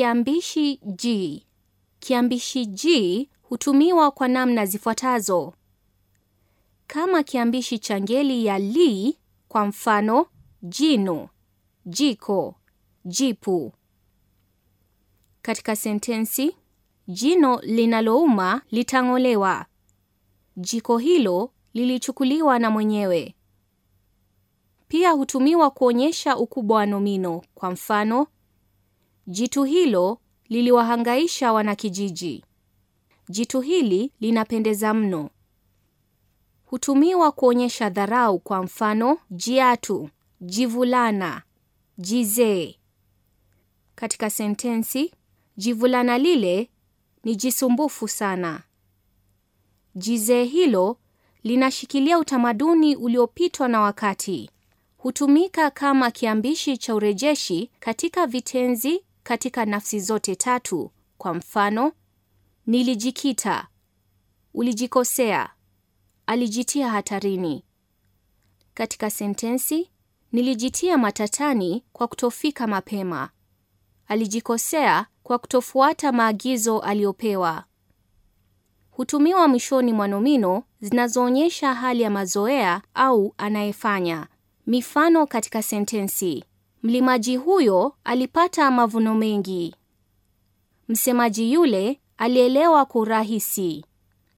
Kiambishi ji. Kiambishi j hutumiwa kwa namna zifuatazo: kama kiambishi cha ngeli ya li, kwa mfano jino, jiko, jipu. Katika sentensi: jino linalouma litang'olewa. Jiko hilo lilichukuliwa na mwenyewe. Pia hutumiwa kuonyesha ukubwa wa nomino, kwa mfano Jitu hilo liliwahangaisha wanakijiji. Jitu hili linapendeza mno. Hutumiwa kuonyesha dharau, kwa mfano jiatu, jivulana, jizee. Katika sentensi, jivulana lile ni jisumbufu sana. Jizee hilo linashikilia utamaduni uliopitwa na wakati. Hutumika kama kiambishi cha urejeshi katika vitenzi katika nafsi zote tatu. Kwa mfano, nilijikita, ulijikosea, alijitia hatarini. Katika sentensi, nilijitia matatani kwa kutofika mapema. Alijikosea kwa kutofuata maagizo aliyopewa. Hutumiwa mwishoni mwa nomino zinazoonyesha hali ya mazoea au anayefanya. Mifano katika sentensi. Mlimaji huyo alipata mavuno mengi. Msemaji yule alielewa kwa urahisi.